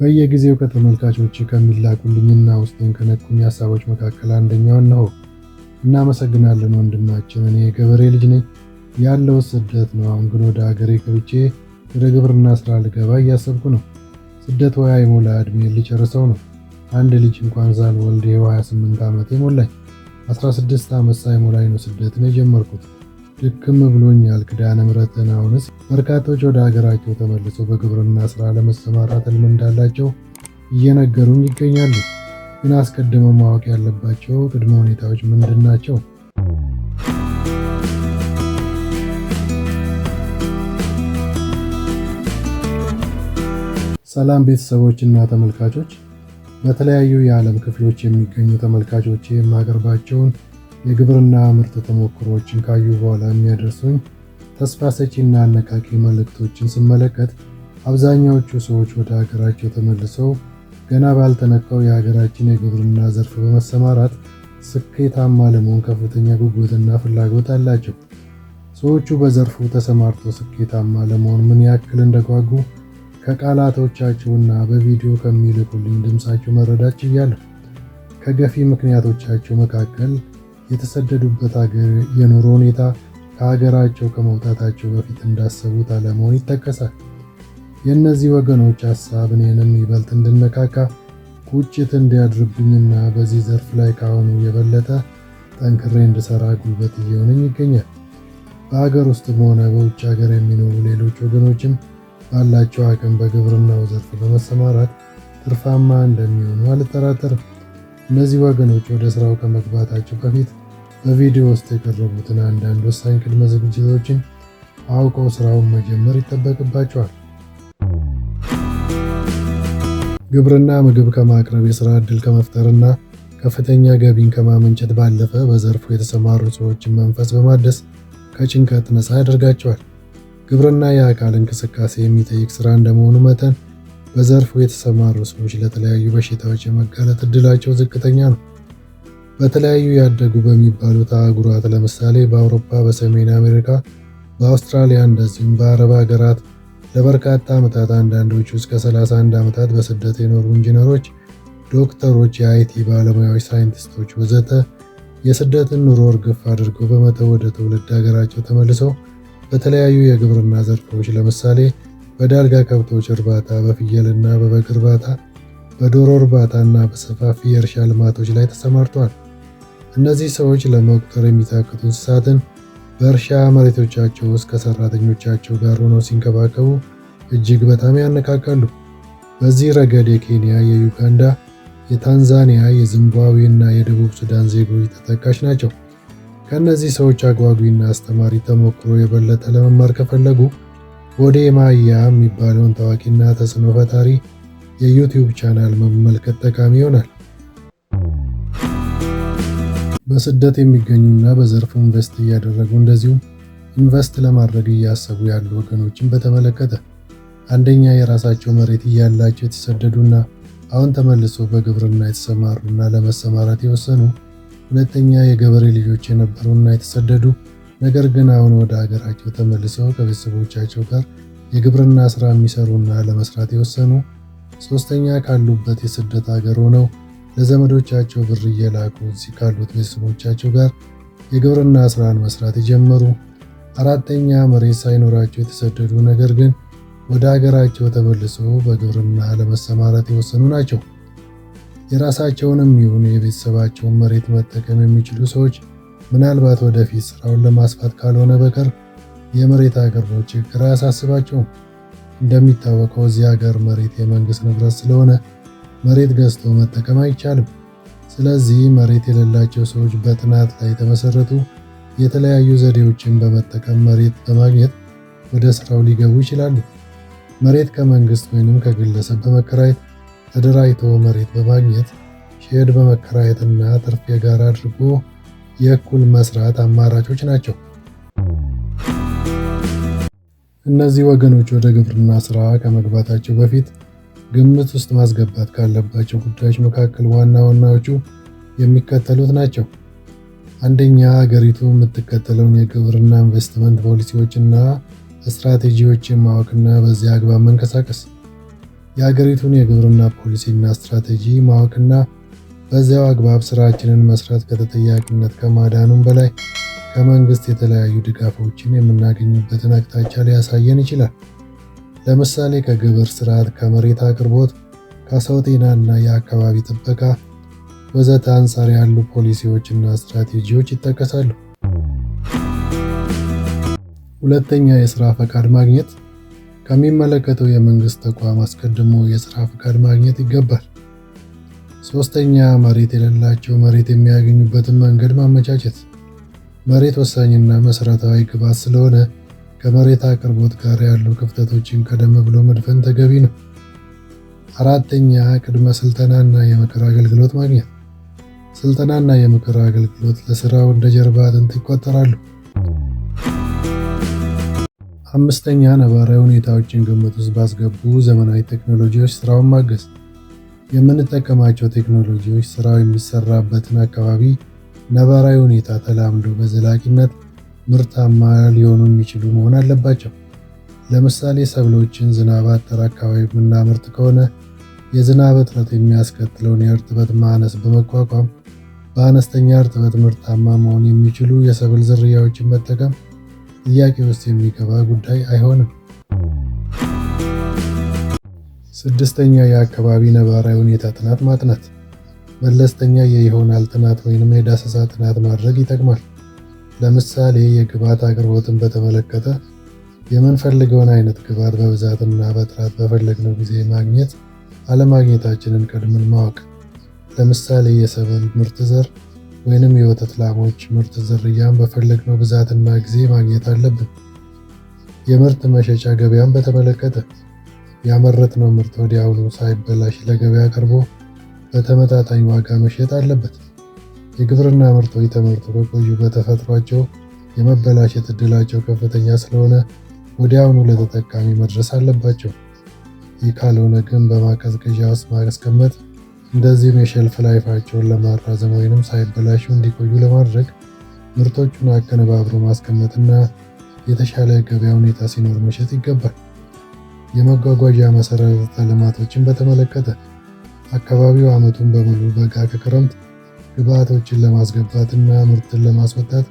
በየጊዜው ከተመልካቾች ከሚላኩልኝና ውስጤን ከነኩኝ ሀሳቦች መካከል አንደኛው ነው። እናመሰግናለን ወንድማችን። እኔ ገበሬ ልጅ ነኝ፣ ያለው ስደት ነው። አሁን ግን ወደ ሀገሬ ገብቼ ወደ ግብርና ስራ ልገባ እያሰብኩ ነው። ስደት ወያ የሞላ እድሜ ልጨርሰው ነው። አንድ ልጅ እንኳን ሳልወልድ ይኸው 28 ዓመት ሞላኝ። 16 ዓመት ሳይሞላኝ ነው ስደትን የጀመርኩት። ጭክም ብሎኛል። ክዳነ ምሕረትን አሁንስ በርካቶች ወደ ሀገራቸው ተመልሰው በግብርና ስራ ለመሰማራት ህልም እንዳላቸው እየነገሩኝ ይገኛሉ። ግን አስቀድመው ማወቅ ያለባቸው ቅድመ ሁኔታዎች ምንድን ናቸው? ሰላም ቤተሰቦች እና ተመልካቾች፣ በተለያዩ የዓለም ክፍሎች የሚገኙ ተመልካቾች የማቀርባቸውን የግብርና ምርት ተሞክሮዎችን ካዩ በኋላ የሚያደርሱኝ ተስፋ ሰጪና አነቃቂ መልእክቶችን ስመለከት አብዛኛዎቹ ሰዎች ወደ ሀገራቸው ተመልሰው ገና ባልተነካው የሀገራችን የግብርና ዘርፍ በመሰማራት ስኬታማ ለመሆን ከፍተኛ ጉጉትና ፍላጎት አላቸው። ሰዎቹ በዘርፉ ተሰማርተው ስኬታማ ለመሆን ምን ያክል እንደጓጉ ከቃላቶቻቸውና በቪዲዮ ከሚልኩልኝ ድምፃቸው መረዳት ችያለሁ። ከገፊ ምክንያቶቻቸው መካከል የተሰደዱበት ሀገር የኑሮ ሁኔታ ከሀገራቸው ከመውጣታቸው በፊት እንዳሰቡት አለመሆን ይጠቀሳል። የእነዚህ ወገኖች ሀሳብ እኔንም ይበልጥ እንድነካካ ቁጭት እንዲያድርብኝና በዚህ ዘርፍ ላይ ከአሁኑ የበለጠ ጠንክሬ እንድሰራ ጉልበት እየሆነኝ ይገኛል። በሀገር ውስጥም ሆነ በውጭ ሀገር የሚኖሩ ሌሎች ወገኖችም ባላቸው አቅም በግብርናው ዘርፍ በመሰማራት ትርፋማ እንደሚሆኑ አልጠራጠርም። እነዚህ ወገኖች ወደ ስራው ከመግባታቸው በፊት በቪዲዮ ውስጥ የቀረቡትን አንዳንድ ወሳኝ ቅድመ ዝግጅቶችን አውቀው ስራውን መጀመር ይጠበቅባቸዋል። ግብርና ምግብ ከማቅረብ የስራ ዕድል ከመፍጠርና ከፍተኛ ገቢን ከማመንጨት ባለፈ በዘርፉ የተሰማሩ ሰዎችን መንፈስ በማደስ ከጭንቀት ነፃ ያደርጋቸዋል። ግብርና የአካል እንቅስቃሴ የሚጠይቅ ስራ እንደመሆኑ መጠን በዘርፉ የተሰማሩ ሰዎች ለተለያዩ በሽታዎች የመጋለጥ እድላቸው ዝቅተኛ ነው። በተለያዩ ያደጉ በሚባሉት አህጉራት ለምሳሌ በአውሮፓ፣ በሰሜን አሜሪካ፣ በአውስትራሊያ እንደዚሁም በአረብ ሀገራት ለበርካታ ዓመታት አንዳንዶቹ እስከ 31 ዓመታት በስደት የኖሩ ኢንጂነሮች፣ ዶክተሮች፣ የአይቲ ባለሙያዎች፣ ሳይንቲስቶች ወዘተ የስደትን ኑሮ እርግፍ አድርገው በመተው ወደ ትውልድ ሀገራቸው ተመልሰው በተለያዩ የግብርና ዘርፎች ለምሳሌ በዳልጋ ከብቶች እርባታ፣ በፍየልና በበግ እርባታ በዶሮ እርባታና በሰፋፊ የእርሻ ልማቶች ላይ ተሰማርተዋል። እነዚህ ሰዎች ለመቁጠር የሚታክቱ እንስሳትን በእርሻ መሬቶቻቸው ውስጥ ከሰራተኞቻቸው ጋር ሆነው ሲንከባከቡ እጅግ በጣም ያነቃቃሉ። በዚህ ረገድ የኬንያ፣ የዩጋንዳ፣ የታንዛኒያ፣ የዚምባብዌ እና የደቡብ ሱዳን ዜጎች ተጠቃሽ ናቸው። ከእነዚህ ሰዎች አጓጊና አስተማሪ ተሞክሮ የበለጠ ለመማር ከፈለጉ ወዴ ማያ የሚባለውን ታዋቂና ተጽዕኖ ፈጣሪ የዩቲዩብ ቻናል መመልከት ጠቃሚ ይሆናል። በስደት የሚገኙና በዘርፉ ኢንቨስት እያደረጉ እንደዚሁም ኢንቨስት ለማድረግ እያሰቡ ያሉ ወገኖችን በተመለከተ አንደኛ የራሳቸው መሬት እያላቸው የተሰደዱና አሁን ተመልሶ በግብርና የተሰማሩና ለመሰማራት የወሰኑ፣ ሁለተኛ የገበሬ ልጆች የነበሩና የተሰደዱ ነገር ግን አሁን ወደ ሀገራቸው ተመልሰው ከቤተሰቦቻቸው ጋር የግብርና ስራ የሚሰሩና ለመስራት የወሰኑ ሶስተኛ ካሉበት የስደት ሀገር ሆነው ለዘመዶቻቸው ብር እየላኩ እዚህ ካሉት ቤተሰቦቻቸው ጋር የግብርና ስራን መስራት የጀመሩ፣ አራተኛ መሬት ሳይኖራቸው የተሰደዱ ነገር ግን ወደ ሀገራቸው ተመልሰው በግብርና ለመሰማራት የወሰኑ ናቸው። የራሳቸውንም ይሁን የቤተሰባቸውን መሬት መጠቀም የሚችሉ ሰዎች ምናልባት ወደፊት ስራውን ለማስፋት ካልሆነ በቀር የመሬት አቅርቦት ችግር አያሳስባቸውም። እንደሚታወቀው እዚህ ሀገር መሬት የመንግስት ንብረት ስለሆነ መሬት ገዝቶ መጠቀም አይቻልም። ስለዚህ መሬት የሌላቸው ሰዎች በጥናት ላይ የተመሰረቱ የተለያዩ ዘዴዎችን በመጠቀም መሬት በማግኘት ወደ ስራው ሊገቡ ይችላሉ። መሬት ከመንግስት ወይንም ከግለሰብ በመከራየት ተደራጅቶ መሬት በማግኘት ሼድ በመከራየትና ትርፍ የጋራ አድርጎ የእኩል መስራት አማራጮች ናቸው። እነዚህ ወገኖች ወደ ግብርና ስራ ከመግባታቸው በፊት ግምት ውስጥ ማስገባት ካለባቸው ጉዳዮች መካከል ዋና ዋናዎቹ የሚከተሉት ናቸው። አንደኛ፣ ሀገሪቱ የምትከተለውን የግብርና ኢንቨስትመንት ፖሊሲዎችና ስትራቴጂዎችን ማወቅና በዚያ አግባብ መንቀሳቀስ። የሀገሪቱን የግብርና ፖሊሲና ስትራቴጂ ማወቅና በዚያው አግባብ ስራችንን መስራት ከተጠያቂነት ከማዳኑም በላይ ከመንግስት የተለያዩ ድጋፎችን የምናገኝበትን አቅጣጫ ሊያሳየን ይችላል። ለምሳሌ ከግብር ስርዓት፣ ከመሬት አቅርቦት፣ ከሰው ጤና እና የአካባቢ ጥበቃ ወዘተ አንጻር ያሉ ፖሊሲዎችና ስትራቴጂዎች ይጠቀሳሉ። ሁለተኛ የስራ ፈቃድ ማግኘት ከሚመለከተው የመንግስት ተቋም አስቀድሞ የስራ ፈቃድ ማግኘት ይገባል። ሶስተኛ መሬት የሌላቸው መሬት የሚያገኙበትን መንገድ ማመቻቸት መሬት ወሳኝና መሰረታዊ ግብዓት ስለሆነ ከመሬት አቅርቦት ጋር ያሉ ክፍተቶችን ቀደም ብሎ መድፈን ተገቢ ነው። አራተኛ ቅድመ ስልጠናና የምክር አገልግሎት ማግኘት። ስልጠናና የምክር አገልግሎት ለስራው እንደ ጀርባ አጥንት ይቆጠራሉ። አምስተኛ ነባራዊ ሁኔታዎችን ግምት ውስጥ ባስገቡ ዘመናዊ ቴክኖሎጂዎች ስራውን ማገዝ። የምንጠቀማቸው ቴክኖሎጂዎች ስራው የሚሰራበትን አካባቢ ነባራዊ ሁኔታ ተላምዶ በዘላቂነት ምርታማ ሊሆኑ የሚችሉ መሆን አለባቸው። ለምሳሌ ሰብሎችን ዝናብ አጠር አካባቢ የምናመርት ከሆነ የዝናብ እጥረት የሚያስከትለውን የእርጥበት ማነስ በመቋቋም በአነስተኛ እርጥበት ምርታማ መሆን የሚችሉ የሰብል ዝርያዎችን መጠቀም ጥያቄ ውስጥ የሚገባ ጉዳይ አይሆንም። ስድስተኛ የአካባቢ ነባራዊ ሁኔታ ጥናት ማጥናት መለስተኛ የይሆናል ጥናት ወይንም የዳሰሳ ጥናት ማድረግ ይጠቅማል። ለምሳሌ የግብዓት አቅርቦትን በተመለከተ የምንፈልገውን አይነት ግብዓት በብዛትና በጥራት በፈለግነው ጊዜ ማግኘት አለማግኘታችንን ቀድምን ማወቅ። ለምሳሌ የሰብል ምርጥ ዘር ወይንም የወተት ላሞች ምርጥ ዝርያን በፈለግነው ብዛትና ጊዜ ማግኘት አለብን። የምርት መሸጫ ገበያን በተመለከተ ያመረትነው ምርት ወዲያውኑ ሳይበላሽ ለገበያ ቀርቦ በተመጣጣኝ ዋጋ መሸጥ አለበት። የግብርና ምርቶች ተመርተው በቆዩ በተፈጥሯቸው የመበላሸት እድላቸው ከፍተኛ ስለሆነ ወዲያውኑ ለተጠቃሚ መድረስ አለባቸው። ይህ ካልሆነ ግን በማቀዝቀዣ ውስጥ ማስቀመጥ እንደዚሁም የሸልፍ ላይፋቸውን ለማራዘም ወይንም ሳይበላሹ እንዲቆዩ ለማድረግ ምርቶቹን አቀነባብሮ ማስቀመጥና የተሻለ ገበያ ሁኔታ ሲኖር መሸጥ ይገባል። የመጓጓዣ መሰረተ ልማቶችን በተመለከተ አካባቢው ዓመቱን በሙሉ በጋ ከክረምት ግብዓቶችን ለማስገባት እና ምርትን ለማስወጣት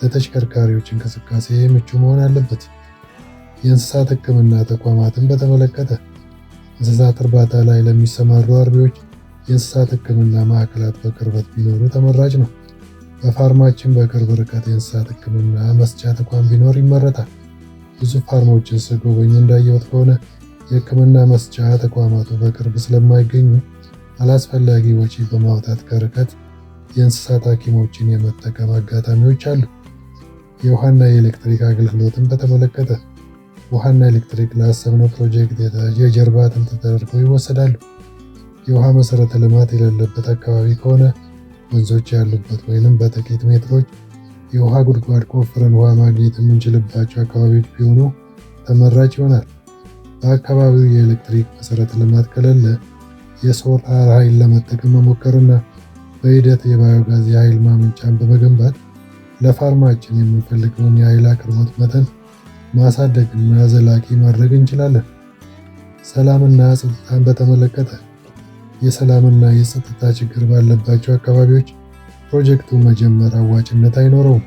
ለተሽከርካሪዎች እንቅስቃሴ ምቹ መሆን አለበት። የእንስሳት ሕክምና ተቋማትን በተመለከተ እንስሳት እርባታ ላይ ለሚሰማሩ አርቢዎች የእንስሳት ሕክምና ማዕከላት በቅርበት ቢኖሩ ተመራጭ ነው። በፋርማችን በቅርብ ርቀት የእንስሳት ሕክምና መስጫ ተቋም ቢኖር ይመረጣል። ብዙ ፋርሞችን ስጎበኝ እንዳየሁት ከሆነ የሕክምና መስጫ ተቋማቱ በቅርብ ስለማይገኙ አላስፈላጊ ወጪ በማውጣት ከርቀት የእንስሳት ሐኪሞችን የመጠቀም አጋጣሚዎች አሉ። የውሃና የኤሌክትሪክ አገልግሎትን በተመለከተ ውሃና ኤሌክትሪክ ለአሰብነው ፕሮጀክት የጀርባ አጥንት ተደርገው ይወሰዳሉ። የውሃ መሰረተ ልማት የሌለበት አካባቢ ከሆነ ወንዞች ያሉበት ወይንም በጥቂት ሜትሮች የውሃ ጉድጓድ ቆፍረን ውሃ ማግኘት የምንችልባቸው አካባቢዎች ቢሆኑ ተመራጭ ይሆናል። በአካባቢው የኤሌክትሪክ መሰረተ ልማት ከሌለ የሶላር ኃይል ለመጠቀም መሞከርና በሂደት የባዮጋዝ የኃይል ማመንጫን በመገንባት ለፋርማችን የምንፈልገውን የኃይል አቅርቦት መጠን ማሳደግና ዘላቂ ማድረግ እንችላለን። ሰላምና ጸጥታን በተመለከተ የሰላምና የጸጥታ ችግር ባለባቸው አካባቢዎች ፕሮጀክቱ መጀመር አዋጭነት አይኖረውም።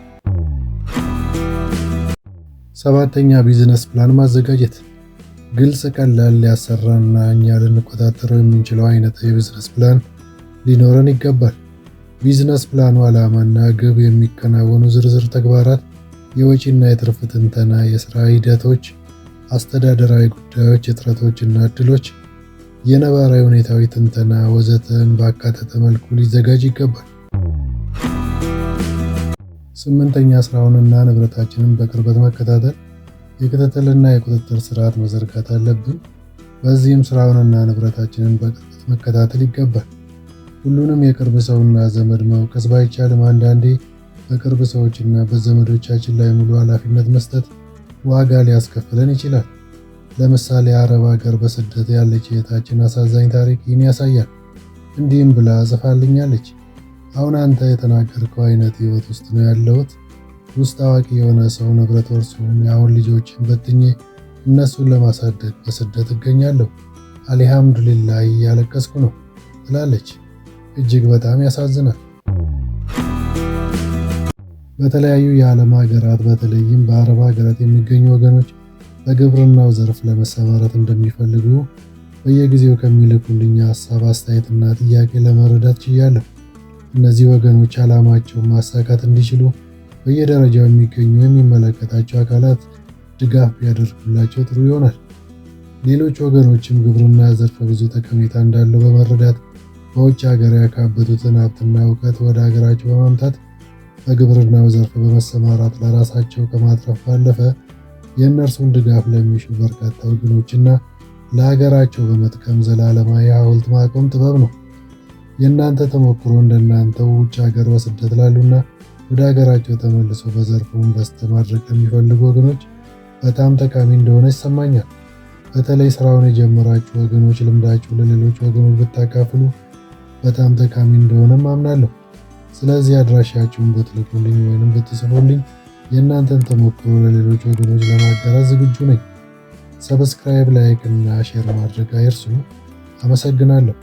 ሰባተኛ ቢዝነስ ፕላን ማዘጋጀት ግልጽ፣ ቀላል ሊያሰራና እኛ ልንቆጣጠረው የምንችለው አይነት የቢዝነስ ፕላን ሊኖረን ይገባል። ቢዝነስ ፕላኑ ዓላማና ግብ፣ የሚከናወኑ ዝርዝር ተግባራት፣ የወጪና የትርፍ ትንተና፣ የሥራ ሂደቶች፣ አስተዳደራዊ ጉዳዮች፣ እጥረቶችና እድሎች፣ የነባራዊ ሁኔታዊ ትንተና ወዘተን በአካተተ መልኩ ሊዘጋጅ ይገባል። ስምንተኛ ስራውንና ንብረታችንን በቅርበት መከታተል የክትትልና የቁጥጥር ስርዓት መዘርጋት አለብን። በዚህም ስራውንና ንብረታችንን በቅርበት መከታተል ይገባል። ሁሉንም የቅርብ ሰውና ዘመድ መውቀስ ባይቻልም አንዳንዴ በቅርብ ሰዎችና በዘመዶቻችን ላይ ሙሉ ኃላፊነት መስጠት ዋጋ ሊያስከፍለን ይችላል። ለምሳሌ አረብ ሀገር በስደት ያለች እህታችን አሳዛኝ ታሪክ ይህን ያሳያል። እንዲህም ብላ ጽፋልኛለች። አሁን አንተ የተናገርከው አይነት ህይወት ውስጥ ነው ያለሁት ውስጥ አዋቂ የሆነ ሰው ንብረት ወርሶ አሁን ልጆችን በትኜ እነሱን ለማሳደግ በስደት እገኛለሁ። አልሐምዱሊላህ እያለቀስኩ ነው ትላለች። እጅግ በጣም ያሳዝናል። በተለያዩ የዓለም ሀገራት በተለይም በአረብ ሀገራት የሚገኙ ወገኖች በግብርናው ዘርፍ ለመሰማራት እንደሚፈልጉ በየጊዜው ከሚልኩልኝ ሀሳብ አስተያየትና ጥያቄ ለመረዳት ችያለሁ። እነዚህ ወገኖች ዓላማቸውን ማሳካት እንዲችሉ በየደረጃው የሚገኙ የሚመለከታቸው አካላት ድጋፍ ቢያደርጉላቸው ጥሩ ይሆናል። ሌሎች ወገኖችም ግብርና ዘርፈ ብዙ ጠቀሜታ እንዳለው በመረዳት በውጭ ሀገር ያካበቱትን ሀብትና እውቀት ወደ ሀገራቸው በማምጣት በግብርናው ዘርፍ በመሰማራት ለራሳቸው ከማትረፍ ባለፈ የእነርሱን ድጋፍ ለሚሹ በርካታ ወገኖችና ለሀገራቸው በመጥቀም ዘላለማዊ ሐውልት ማቆም ጥበብ ነው። የእናንተ ተሞክሮ እንደናንተው ውጭ ሀገር በስደት ላሉና ወደ ሀገራቸው ተመልሰው በዘርፉ ኢንቨስት ማድረግ ለሚፈልጉ ወገኖች በጣም ጠቃሚ እንደሆነ ይሰማኛል። በተለይ ስራውን የጀመራችሁ ወገኖች ልምዳችሁ ለሌሎች ወገኖች ብታካፍሉ በጣም ጠቃሚ እንደሆነም አምናለሁ። ስለዚህ አድራሻችሁን ብትልኩልኝ ወይንም ብትጽፉልኝ የእናንተን ተሞክሮ ለሌሎች ወገኖች ለማጋራት ዝግጁ ነኝ። ሰብስክራይብ፣ ላይክ እና ሼር ማድረግ አይርሱ። አመሰግናለሁ።